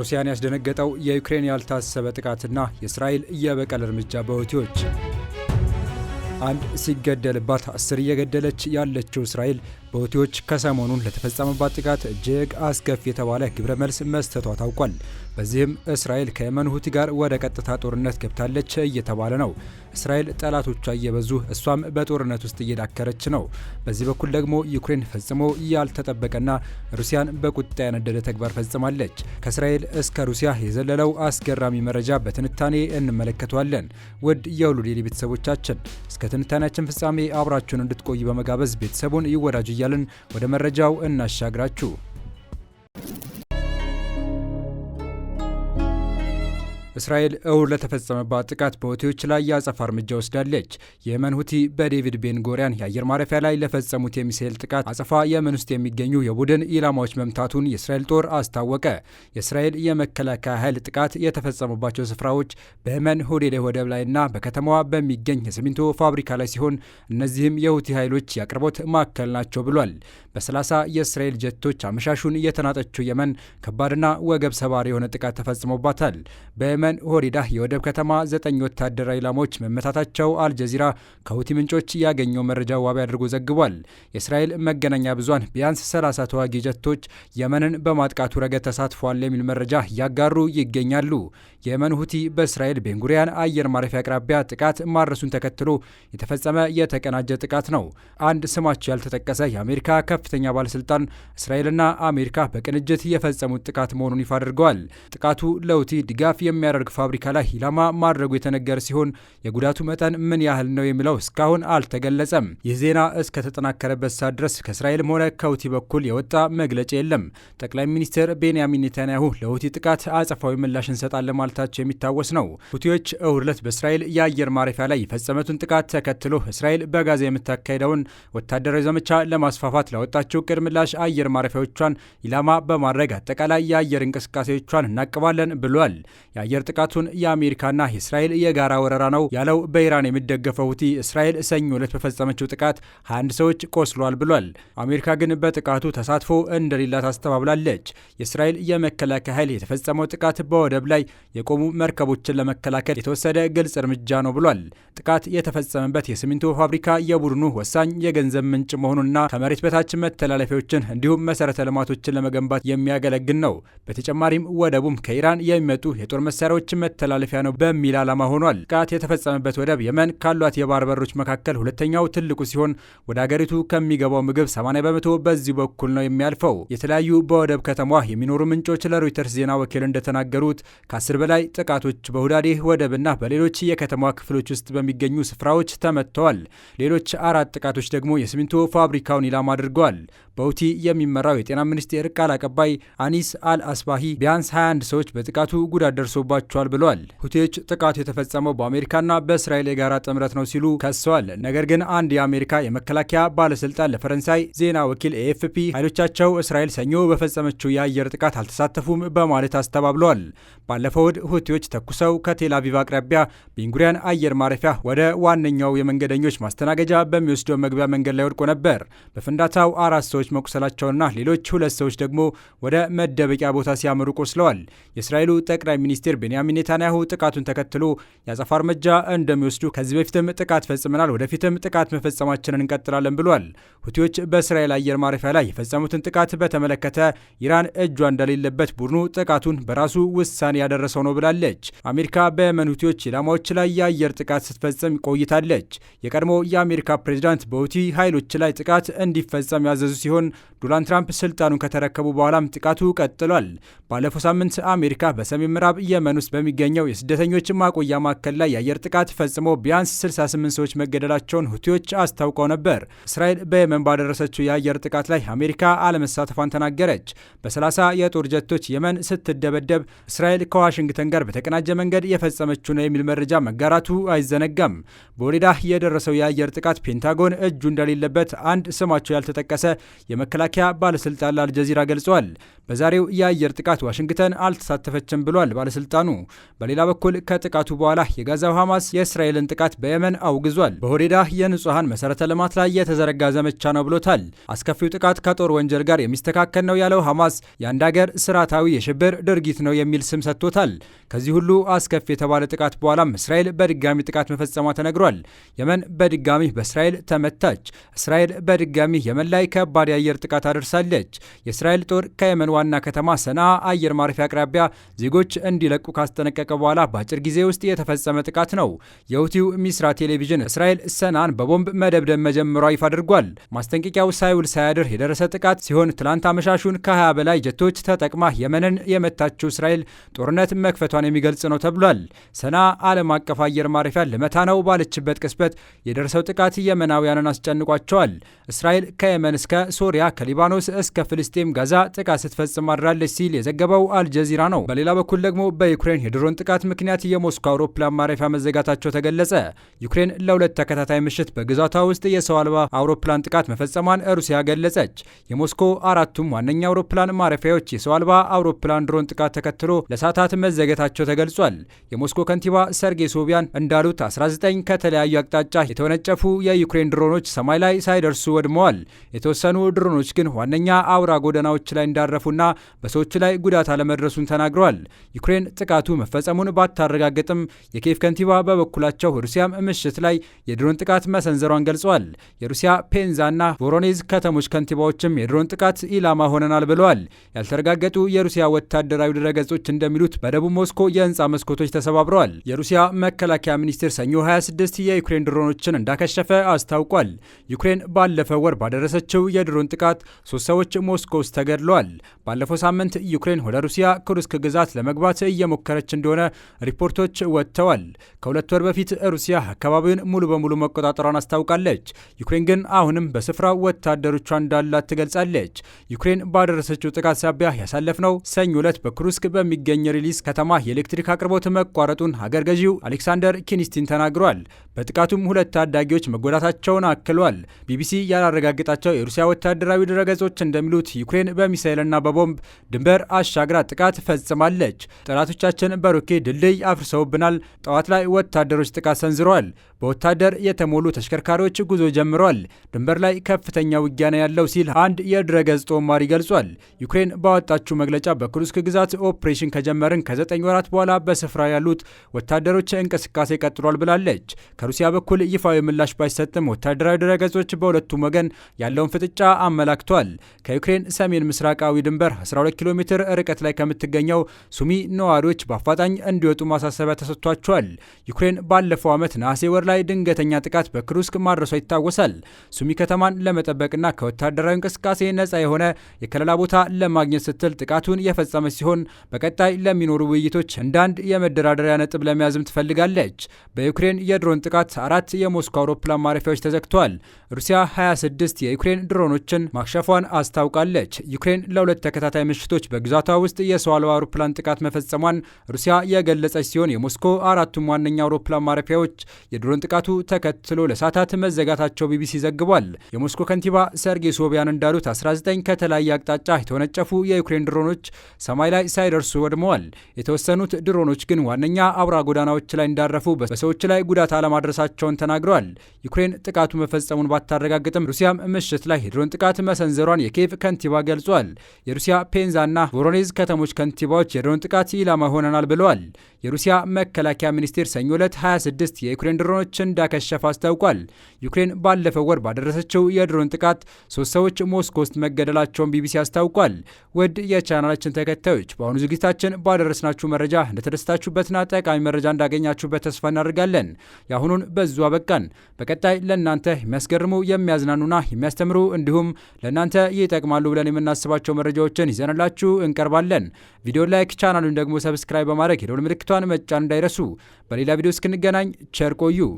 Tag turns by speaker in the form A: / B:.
A: ሩሲያን ያስደነገጠው የዩክሬን ያልታሰበ ጥቃትና የእስራኤል የበቀል እርምጃ በሁቲዎች አንድ ሲገደልባት አስር እየገደለች ያለችው እስራኤል በሁቲዎች ከሰሞኑን ለተፈጸመባት ጥቃት እጅግ አስከፊ የተባለ ግብረ መልስ መስጠቷ ታውቋል። በዚህም እስራኤል ከየመን ሁቲ ጋር ወደ ቀጥታ ጦርነት ገብታለች እየተባለ ነው። እስራኤል ጠላቶቿ እየበዙ እሷም በጦርነት ውስጥ እየዳከረች ነው። በዚህ በኩል ደግሞ ዩክሬን ፈጽሞ ያልተጠበቀና ሩሲያን በቁጣ ያነደደ ተግባር ፈጽማለች። ከእስራኤል እስከ ሩሲያ የዘለለው አስገራሚ መረጃ በትንታኔ እንመለከተዋለን። ውድ የሁሉ ዴይሊ ቤተሰቦቻችን እስከ ትንታኔያችን ፍጻሜ አብራችሁን እንድትቆዩ በመጋበዝ ቤተሰቡን ይወዳጁ እያልን ወደ መረጃው እናሻግራችሁ። እስራኤል እሁድ ለተፈጸመባት ጥቃት በሁቲዎች ላይ የአጸፋ እርምጃ ወስዳለች። የመን ሁቲ በዴቪድ ቤንጎሪያን የአየር ማረፊያ ላይ ለፈጸሙት የሚሳኤል ጥቃት አጸፋ የመን ውስጥ የሚገኙ የቡድን ኢላማዎች መምታቱን የእስራኤል ጦር አስታወቀ። የእስራኤል የመከላከያ ኃይል ጥቃት የተፈጸመባቸው ስፍራዎች በየመን ሆዴዳ ወደብ ላይና በከተማዋ በሚገኝ የሲሚንቶ ፋብሪካ ላይ ሲሆን እነዚህም የሁቲ ኃይሎች የአቅርቦት ማዕከል ናቸው ብሏል። በ30 የእስራኤል ጀቶች አመሻሹን የተናጠችው የመን ከባድና ወገብ ሰባሪ የሆነ ጥቃት ተፈጽሞባታል። የመን ሆሪዳ የወደብ ከተማ ዘጠኝ ወታደራዊ ኢላማዎች መመታታቸው አልጀዚራ ከሁቲ ምንጮች ያገኘው መረጃ ዋቢ አድርጎ ዘግቧል። የእስራኤል መገናኛ ብዙሃን ቢያንስ 30 ተዋጊ ጀቶች የመንን በማጥቃቱ ረገድ ተሳትፏል የሚል መረጃ ያጋሩ ይገኛሉ። የመን ሁቲ በእስራኤል ቤንጉሪያን አየር ማረፊያ አቅራቢያ ጥቃት ማድረሱን ተከትሎ የተፈጸመ የተቀናጀ ጥቃት ነው። አንድ ስማቸው ያልተጠቀሰ የአሜሪካ ከፍተኛ ባለስልጣን እስራኤልና አሜሪካ በቅንጅት የፈጸሙት ጥቃት መሆኑን ይፋ አድርገዋል። ጥቃቱ ለሁቲ ድጋፍ የሚያ የሚያደርግ ፋብሪካ ላይ ኢላማ ማድረጉ የተነገረ ሲሆን የጉዳቱ መጠን ምን ያህል ነው የሚለው እስካሁን አልተገለጸም። ይህ ዜና እስከተጠናከረበት ሰዓት ድረስ ከእስራኤልም ሆነ ከሁቲ በኩል የወጣ መግለጫ የለም። ጠቅላይ ሚኒስትር ቤንያሚን ኔታንያሁ ለሁቲ ጥቃት አጸፋዊ ምላሽ እንሰጣለን ማለታቸው የሚታወስ ነው። ሁቲዎች እሁድ ዕለት በእስራኤል የአየር ማረፊያ ላይ የፈጸመቱን ጥቃት ተከትሎ እስራኤል በጋዛ የምታካሄደውን ወታደራዊ ዘመቻ ለማስፋፋት ለወጣቸው ቅድ ምላሽ አየር ማረፊያዎቿን ኢላማ በማድረግ አጠቃላይ የአየር እንቅስቃሴዎቿን እናቅባለን ብሏል። የአየር የአየር ጥቃቱን የአሜሪካና የእስራኤል የጋራ ወረራ ነው ያለው በኢራን የሚደገፈው ሁቲ እስራኤል ሰኞ ዕለት በፈጸመችው ጥቃት 21 ሰዎች ቆስሏል ብሏል። አሜሪካ ግን በጥቃቱ ተሳትፎ እንደሌላት አስተባብላለች። የእስራኤል የመከላከያ ኃይል የተፈጸመው ጥቃት በወደብ ላይ የቆሙ መርከቦችን ለመከላከል የተወሰደ ግልጽ እርምጃ ነው ብሏል። ጥቃት የተፈጸመበት የሲሚንቶ ፋብሪካ የቡድኑ ወሳኝ የገንዘብ ምንጭ መሆኑንና ከመሬት በታች መተላለፊያዎችን እንዲሁም መሰረተ ልማቶችን ለመገንባት የሚያገለግል ነው። በተጨማሪም ወደቡም ከኢራን የሚመጡ የጦር መሳሪያ የባህሮች መተላለፊያ ነው በሚል ዓላማ ሆኗል። ጥቃት የተፈጸመበት ወደብ የመን ካሏት የባህር በሮች መካከል ሁለተኛው ትልቁ ሲሆን ወደ አገሪቱ ከሚገባው ምግብ 80 በመቶ በዚህ በኩል ነው የሚያልፈው። የተለያዩ በወደብ ከተማ የሚኖሩ ምንጮች ለሮይተርስ ዜና ወኪል እንደተናገሩት ከ በላይ ጥቃቶች ወደብ ወደብና በሌሎች የከተማ ክፍሎች ውስጥ በሚገኙ ስፍራዎች ተመትተዋል። ሌሎች አራት ጥቃቶች ደግሞ የሲሚንቶ ፋብሪካውን ኢላማ አድርገዋል። በውቲ የሚመራው የጤና ሚኒስቴር ቃል አቀባይ አኒስ አል አስባሂ ቢያንስ 21 ሰዎች በጥቃቱ ጉዳት ደርሶባቸው አድርጓቸዋል ብለዋል። ሁቴዎች ጥቃቱ የተፈጸመው በአሜሪካና በእስራኤል የጋራ ጥምረት ነው ሲሉ ከሰዋል። ነገር ግን አንድ የአሜሪካ የመከላከያ ባለስልጣን ለፈረንሳይ ዜና ወኪል ኤኤፍፒ ኃይሎቻቸው እስራኤል ሰኞ በፈጸመችው የአየር ጥቃት አልተሳተፉም በማለት አስተባብለዋል። ባለፈው እሁድ ሁቴዎች ተኩሰው ከቴላቪቭ አቅራቢያ ቤንጉሪያን አየር ማረፊያ ወደ ዋነኛው የመንገደኞች ማስተናገጃ በሚወስደው መግቢያ መንገድ ላይ ወድቆ ነበር። በፍንዳታው አራት ሰዎች መቁሰላቸውና ሌሎች ሁለት ሰዎች ደግሞ ወደ መደበቂያ ቦታ ሲያመሩ ቆስለዋል። የእስራኤሉ ጠቅላይ ሚኒስትር ቤንያሚን ኔታንያሁ ጥቃቱን ተከትሎ የአጸፋ እርምጃ እንደሚወስዱ ከዚህ በፊትም ጥቃት ፈጽመናል፣ ወደፊትም ጥቃት መፈጸማችንን እንቀጥላለን ብሏል። ሁቲዎች በእስራኤል አየር ማረፊያ ላይ የፈጸሙትን ጥቃት በተመለከተ ኢራን እጇ እንደሌለበት ቡድኑ ጥቃቱን በራሱ ውሳኔ ያደረሰው ነው ብላለች። አሜሪካ በየመን ሁቲዎች ኢላማዎች ላይ የአየር ጥቃት ስትፈጽም ቆይታለች። የቀድሞ የአሜሪካ ፕሬዚዳንት በሁቲ ኃይሎች ላይ ጥቃት እንዲፈጸም ያዘዙ ሲሆን ዶናልድ ትራምፕ ስልጣኑን ከተረከቡ በኋላም ጥቃቱ ቀጥሏል። ባለፈው ሳምንት አሜሪካ በሰሜን ምዕራብ የመን ውስጥ በሚገኘው የስደተኞች ማቆያ ማዕከል ላይ የአየር ጥቃት ፈጽሞ ቢያንስ 68 ሰዎች መገደላቸውን ሁቲዎች አስታውቀው ነበር። እስራኤል በየመን ባደረሰችው የአየር ጥቃት ላይ አሜሪካ አለመሳተፏን ተናገረች። በ30 የጦር ጀቶች የመን ስትደበደብ እስራኤል ከዋሽንግተን ጋር በተቀናጀ መንገድ የፈጸመችው ነው የሚል መረጃ መጋራቱ አይዘነጋም። በወሌዳ የደረሰው የአየር ጥቃት ፔንታጎን እጁ እንደሌለበት አንድ ስማቸው ያልተጠቀሰ የመከላከያ ባለስልጣን ለአልጀዚራ ገልጿል። በዛሬው የአየር ጥቃት ዋሽንግተን አልተሳተፈችም ብሏል ባለስልጣኑ። በሌላ በኩል ከጥቃቱ በኋላ የጋዛው ሐማስ የእስራኤልን ጥቃት በየመን አውግዟል። በሆዴዳ የንጹሐን መሠረተ ልማት ላይ የተዘረጋ ዘመቻ ነው ብሎታል። አስከፊው ጥቃት ከጦር ወንጀል ጋር የሚስተካከል ነው ያለው ሐማስ የአንድ አገር ስርዓታዊ የሽብር ድርጊት ነው የሚል ስም ሰጥቶታል። ከዚህ ሁሉ አስከፊ የተባለ ጥቃት በኋላም እስራኤል በድጋሚ ጥቃት መፈጸሟ ተነግሯል። የመን በድጋሚ በእስራኤል ተመታች። እስራኤል በድጋሚ የመን ላይ ከባድ የአየር ጥቃት አደርሳለች። የእስራኤል ጦር ከየመን ዋና ከተማ ሰንዓ አየር ማረፊያ አቅራቢያ ዜጎች እንዲለቁ ካስጠነቀቀ በኋላ በአጭር ጊዜ ውስጥ የተፈጸመ ጥቃት ነው። የሁቲው ሚስራ ቴሌቪዥን እስራኤል ሰናን በቦምብ መደብደብ መጀመሯ ይፋ አድርጓል። ማስጠንቀቂያው ሳይውል ሳያድር የደረሰ ጥቃት ሲሆን ትላንት አመሻሹን ከ20 በላይ ጀቶች ተጠቅማ የመንን የመታችው እስራኤል ጦርነት መክፈቷን የሚገልጽ ነው ተብሏል። ሰና ዓለም አቀፍ አየር ማረፊያ ልመታ ነው ባለችበት ቅስበት የደረሰው ጥቃት የመናውያንን አስጨንቋቸዋል። እስራኤል ከየመን እስከ ሶሪያ፣ ከሊባኖስ እስከ ፍልስጤም፣ ጋዛ ጥቃት ስትፈጽም አድራለች ሲል የዘገበው አልጀዚራ ነው። በሌላ በኩል ደግሞ በ በዩክሬን የድሮን ጥቃት ምክንያት የሞስኮ አውሮፕላን ማረፊያ መዘጋታቸው ተገለጸ። ዩክሬን ለሁለት ተከታታይ ምሽት በግዛቷ ውስጥ የሰው አልባ አውሮፕላን ጥቃት መፈጸሟን ሩሲያ ገለጸች። የሞስኮ አራቱም ዋነኛ አውሮፕላን ማረፊያዎች የሰው አልባ አውሮፕላን ድሮን ጥቃት ተከትሎ ለሰዓታት መዘገታቸው ተገልጿል። የሞስኮ ከንቲባ ሰርጌይ ሶቢያን እንዳሉት 19 ከተለያዩ አቅጣጫ የተወነጨፉ የዩክሬን ድሮኖች ሰማይ ላይ ሳይደርሱ ወድመዋል። የተወሰኑ ድሮኖች ግን ዋነኛ አውራ ጎዳናዎች ላይ እንዳረፉና በሰዎች ላይ ጉዳት አለመድረሱን ተናግረዋል። ዩክሬን ጥቃት ጥቃቱ መፈጸሙን ባታረጋግጥም የኬፍ ከንቲባ በበኩላቸው ሩሲያም ምሽት ላይ የድሮን ጥቃት መሰንዘሯን ገልጸዋል። የሩሲያ ፔንዛና ቮሮኔዝ ከተሞች ከንቲባዎችም የድሮን ጥቃት ኢላማ ሆነናል ብለዋል። ያልተረጋገጡ የሩሲያ ወታደራዊ ድረገጾች እንደሚሉት በደቡብ ሞስኮ የህንፃ መስኮቶች ተሰባብረዋል። የሩሲያ መከላከያ ሚኒስቴር ሰኞ 26 የዩክሬን ድሮኖችን እንዳከሸፈ አስታውቋል። ዩክሬን ባለፈው ወር ባደረሰችው የድሮን ጥቃት ሶስት ሰዎች ሞስኮ ውስጥ ተገድለዋል። ባለፈው ሳምንት ዩክሬን ወደ ሩሲያ ክሩስክ ግዛት ለመግባት እየሞ እየሞከረች እንደሆነ ሪፖርቶች ወጥተዋል። ከሁለት ወር በፊት ሩሲያ አካባቢውን ሙሉ በሙሉ መቆጣጠሯን አስታውቃለች። ዩክሬን ግን አሁንም በስፍራው ወታደሮቿ እንዳላት ትገልጻለች። ዩክሬን ባደረሰችው ጥቃት ሳቢያ ያሳለፍነው ሰኞ ዕለት በክሩስክ በሚገኝ ሪሊስ ከተማ የኤሌክትሪክ አቅርቦት መቋረጡን ሀገር ገዢው አሌክሳንደር ኪኒስቲን ተናግሯል። በጥቃቱም ሁለት ታዳጊዎች መጎዳታቸውን አክሏል። ቢቢሲ ያላረጋገጣቸው የሩሲያ ወታደራዊ ድረገጾች እንደሚሉት ዩክሬን በሚሳይልና በቦምብ ድንበር አሻግራ ጥቃት ፈጽማለች። ጠላቶቻ መንገዳችን በሩኬ ድልድይ አፍርሰውብናል። ጠዋት ላይ ወታደሮች ጥቃት ሰንዝረዋል። በወታደር የተሞሉ ተሽከርካሪዎች ጉዞ ጀምረዋል። ድንበር ላይ ከፍተኛ ውጊያ ነው ያለው ሲል አንድ የድረገጽ ጦማሪ ገልጿል። ዩክሬን ባወጣችው መግለጫ በኩርስክ ግዛት ኦፕሬሽን ከጀመርን ከዘጠኝ ወራት በኋላ በስፍራ ያሉት ወታደሮች እንቅስቃሴ ቀጥሏል ብላለች። ከሩሲያ በኩል ይፋዊ ምላሽ ባይሰጥም ወታደራዊ ድረገጾች በሁለቱም ወገን ያለውን ፍጥጫ አመላክቷል። ከዩክሬን ሰሜን ምስራቃዊ ድንበር 12 ኪሎ ሜትር ርቀት ላይ ከምትገኘው ሱሚ ነዋሪዎች በአፋጣኝ እንዲወጡ ማሳሰቢያ ተሰጥቷቸዋል። ዩክሬን ባለፈው ዓመት ነሐሴ ወር ላይ ድንገተኛ ጥቃት በክሩስክ ማድረሷ ይታወሳል። ሱሚ ከተማን ለመጠበቅና ከወታደራዊ እንቅስቃሴ ነጻ የሆነ የከለላ ቦታ ለማግኘት ስትል ጥቃቱን የፈጸመች ሲሆን በቀጣይ ለሚኖሩ ውይይቶች እንደ አንድ የመደራደሪያ ነጥብ ለመያዝም ትፈልጋለች። በዩክሬን የድሮን ጥቃት አራት የሞስኮ አውሮፕላን ማረፊያዎች ተዘግተዋል። ሩሲያ 26 የዩክሬን ድሮኖችን ማክሸፏን አስታውቃለች። ዩክሬን ለሁለት ተከታታይ ምሽቶች በግዛቷ ውስጥ የሰው አልባ አውሮፕላን ጥቃት መፈጸሟን ሩሲያ የገለጸች ሲሆን የሞስኮ አራቱም ዋነኛ አውሮፕላን ማረፊያዎች የድሮን የድሮን ጥቃቱ ተከትሎ ለሰዓታት መዘጋታቸው ቢቢሲ ዘግቧል። የሞስኮ ከንቲባ ሰርጌይ ሶቢያን እንዳሉት 19 ከተለያየ አቅጣጫ የተወነጨፉ የዩክሬን ድሮኖች ሰማይ ላይ ሳይደርሱ ወድመዋል። የተወሰኑት ድሮኖች ግን ዋነኛ አውራ ጎዳናዎች ላይ እንዳረፉ በሰዎች ላይ ጉዳት አለማድረሳቸውን ተናግረዋል። ዩክሬን ጥቃቱ መፈጸሙን ባታረጋግጥም ሩሲያም ምሽት ላይ የድሮን ጥቃት መሰንዘሯን የኪየቭ ከንቲባ ገልጿል። የሩሲያ ፔንዛና ቮሮኔዝ ከተሞች ከንቲባዎች የድሮን ጥቃት ኢላማ ሆነናል ብለዋል። የሩሲያ መከላከያ ሚኒስቴር ሰኞ ዕለት 26 የዩክሬን ድሮኖች ድሮኖች እንዳከሸፈ አስታውቋል። ዩክሬን ባለፈው ወር ባደረሰችው የድሮን ጥቃት ሶስት ሰዎች ሞስኮ ውስጥ መገደላቸውን ቢቢሲ አስታውቋል። ውድ የቻናላችን ተከታዮች በአሁኑ ዝግጅታችን ባደረስናችሁ መረጃ እንደተደስታችሁበትና ጠቃሚ መረጃ እንዳገኛችሁበት ተስፋ እናደርጋለን። የአሁኑን በዙ አበቃን። በቀጣይ ለእናንተ የሚያስገርሙ የሚያዝናኑና የሚያስተምሩ እንዲሁም ለእናንተ ይጠቅማሉ ብለን የምናስባቸው መረጃዎችን ይዘንላችሁ እንቀርባለን። ቪዲዮ ላይክ፣ ቻናሉን ደግሞ ሰብስክራይብ በማድረግ የደውል ምልክቷን መጫን እንዳይረሱ። በሌላ ቪዲዮ እስክንገናኝ ቸር ቆዩ።